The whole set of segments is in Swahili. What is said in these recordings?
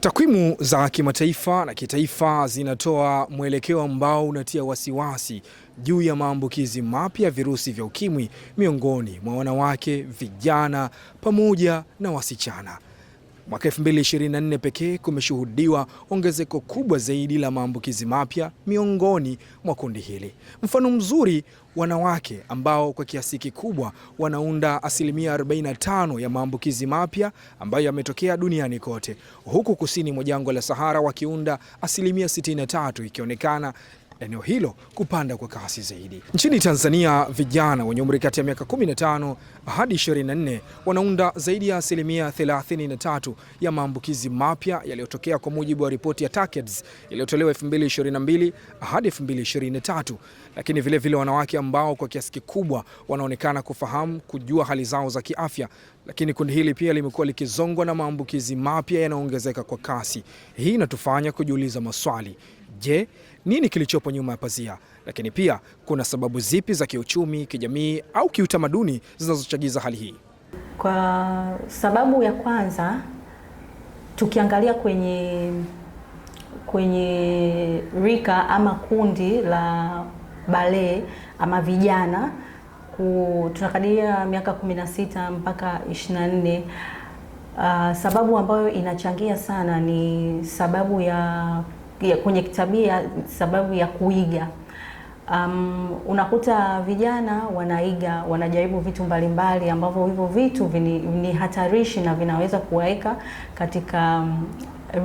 Takwimu za kimataifa na kitaifa zinatoa mwelekeo ambao unatia wasiwasi juu ya maambukizi mapya ya virusi vya ukimwi miongoni mwa wanawake, vijana pamoja na wasichana. Mwaka 2024 pekee kumeshuhudiwa ongezeko kubwa zaidi la maambukizi mapya miongoni mwa kundi hili. Mfano mzuri, wanawake ambao kwa kiasi kikubwa wanaunda asilimia 45 ya maambukizi mapya ambayo yametokea duniani kote, huku kusini mwa jangwa la Sahara wakiunda asilimia 63 ikionekana eneo hilo kupanda kwa kasi zaidi. Nchini Tanzania, vijana wenye umri kati ya miaka 15 hadi 24 wanaunda zaidi ya asilimia 33 ya maambukizi mapya yaliyotokea, kwa mujibu wa ripoti ya TACAIDS iliyotolewa 2022 hadi 2023. Lakini vilevile vile wanawake ambao kwa kiasi kikubwa wanaonekana kufahamu kujua hali zao za kiafya, lakini kundi hili pia limekuwa likizongwa na maambukizi mapya yanayoongezeka kwa kasi. Hii inatufanya kujiuliza maswali. Je, nini kilichopo nyuma ya pazia? Lakini pia kuna sababu zipi za kiuchumi, kijamii au kiutamaduni zinazochagiza hali hii? Kwa sababu ya kwanza, tukiangalia kwenye kwenye rika ama kundi la bale ama vijana ku, tunakadiria miaka 16 mpaka 24. Uh, sababu ambayo inachangia sana ni sababu ya ya, kwenye tabia sababu ya kuiga. Um, unakuta vijana wanaiga, wanajaribu vitu mbalimbali ambavyo hivyo vitu vini, ni hatarishi na vinaweza kuwaweka katika um,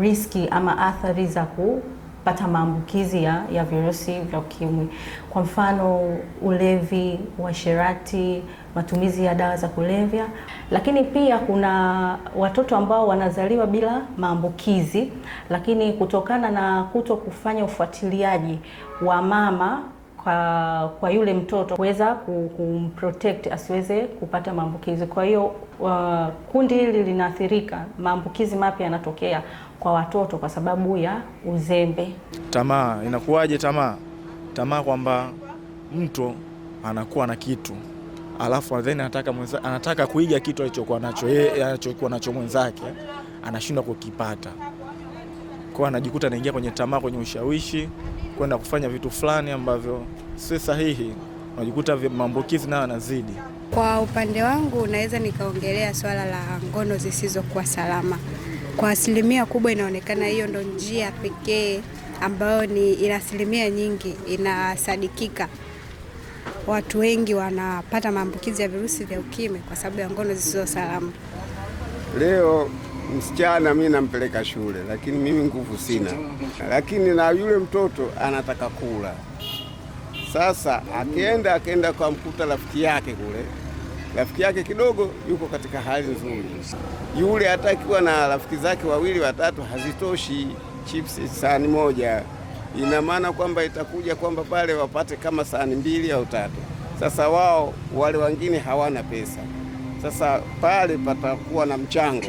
riski ama athari za kupata maambukizi ya, ya virusi vya UKIMWI. Kwa mfano ulevi, uasherati matumizi ya dawa za kulevya, lakini pia kuna watoto ambao wanazaliwa bila maambukizi, lakini kutokana na kuto kufanya ufuatiliaji wa mama kwa, kwa yule mtoto kuweza kumprotect asiweze kupata maambukizi. Kwa hiyo uh, kundi hili linaathirika, maambukizi mapya yanatokea kwa watoto kwa sababu ya uzembe. Tamaa inakuwaje? Tamaa, tamaa kwamba mtu anakuwa na kitu alafu then anataka mwenza, anataka kuiga kitu alichokuwa nacho yeye alichokuwa nacho mwenzake anashindwa kukipata, kwa anajikuta anaingia kwenye tamaa, kwenye ushawishi kwenda kufanya vitu fulani ambavyo si sahihi, unajikuta maambukizi nayo anazidi. Kwa upande wangu naweza nikaongelea swala la ngono zisizokuwa salama. Kwa asilimia kubwa inaonekana hiyo ndo njia pekee ambayo ni ina asilimia nyingi inasadikika watu wengi wanapata maambukizi ya virusi vya ukimwi kwa sababu ya ngono zisizo salama. Leo msichana mi nampeleka shule, lakini mimi nguvu sina, lakini na yule mtoto anataka kula. Sasa akienda akienda kwa mkuta rafiki yake kule, rafiki yake kidogo yuko katika hali nzuri, yule atakiwa na rafiki zake wawili watatu hazitoshi chipsi sahani moja ina maana kwamba itakuja kwamba pale wapate kama sahani mbili au tatu. Sasa wao wale wengine hawana pesa, sasa pale patakuwa na mchango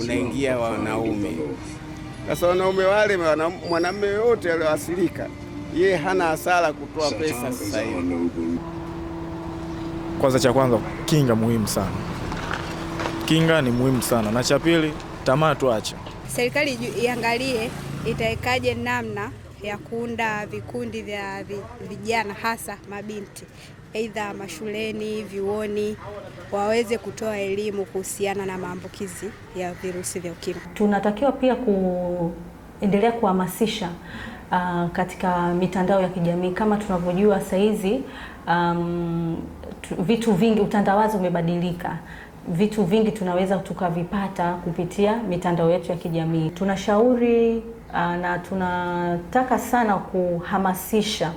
unaingia wanaume. Sasa wanaume wale, mwanamume yoyote alioasilika, yeye hana hasara kutoa pesa. Sasa hivi, kwanza, cha kwanza kinga muhimu sana, kinga ni muhimu sana, na cha pili tamaa tuache, serikali iangalie itaekaje namna ya kuunda vikundi vya vijana hasa mabinti aidha mashuleni, vyuoni, waweze kutoa elimu kuhusiana na maambukizi ya virusi vya ukimwi. Tunatakiwa pia kuendelea kuhamasisha uh, katika mitandao ya kijamii kama tunavyojua saizi um, vitu vingi, utandawazi umebadilika vitu vingi tunaweza tukavipata kupitia mitandao yetu ya kijamii. Tunashauri uh, na tunataka sana kuhamasisha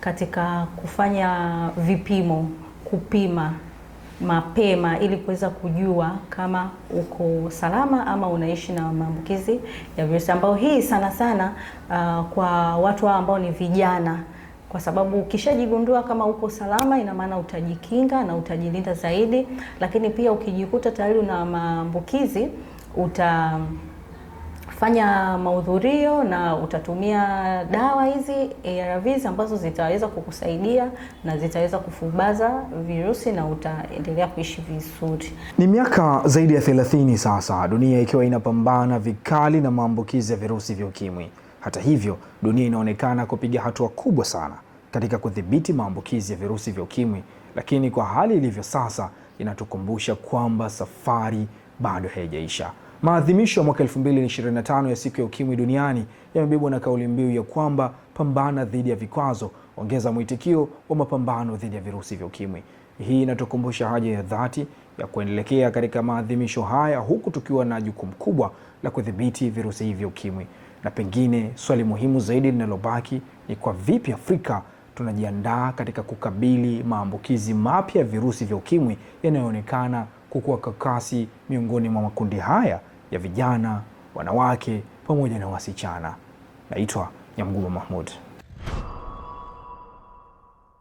katika kufanya vipimo, kupima mapema ili kuweza kujua kama uko salama ama unaishi na maambukizi ya virusi, ambao hii sana sana uh, kwa watu hao ambao ni vijana kwa sababu ukishajigundua kama uko salama, ina maana utajikinga na utajilinda zaidi, lakini pia ukijikuta tayari una maambukizi uta fanya mahudhurio na utatumia dawa hizi ARVs ambazo zitaweza kukusaidia na zitaweza kufubaza virusi na utaendelea kuishi vizuri. Ni miaka zaidi ya 30 sasa dunia ikiwa inapambana vikali na maambukizi ya virusi vya UKIMWI. Hata hivyo, dunia inaonekana kupiga hatua kubwa sana katika kudhibiti maambukizi ya virusi vya ukimwi, lakini kwa hali ilivyo sasa inatukumbusha kwamba safari bado haijaisha. Maadhimisho ya mwaka 2025 ya siku ya ukimwi duniani yamebebwa na kauli mbiu ya kwamba pambana dhidi ya vikwazo, ongeza mwitikio wa mapambano dhidi ya virusi vya ukimwi. Hii inatukumbusha haja ya dhati ya kuendelekea katika maadhimisho haya, huku tukiwa na jukumu kubwa la kudhibiti virusi hivi vya ukimwi, na pengine swali muhimu zaidi linalobaki ni kwa vipi Afrika tunajiandaa katika kukabili maambukizi mapya ya virusi vya ukimwi yanayoonekana kukua kwa kasi miongoni mwa makundi haya ya vijana, wanawake pamoja na wasichana. Naitwa nyamguma Mahmud.